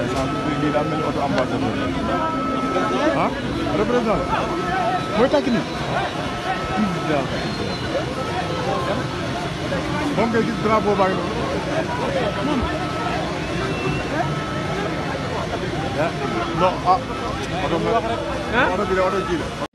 lii daa mel ni oto ambassadeur ah représentant mooy tàkk nii moom ngay gis drapeau baa ngi noonu non ah oto bi la oto ji la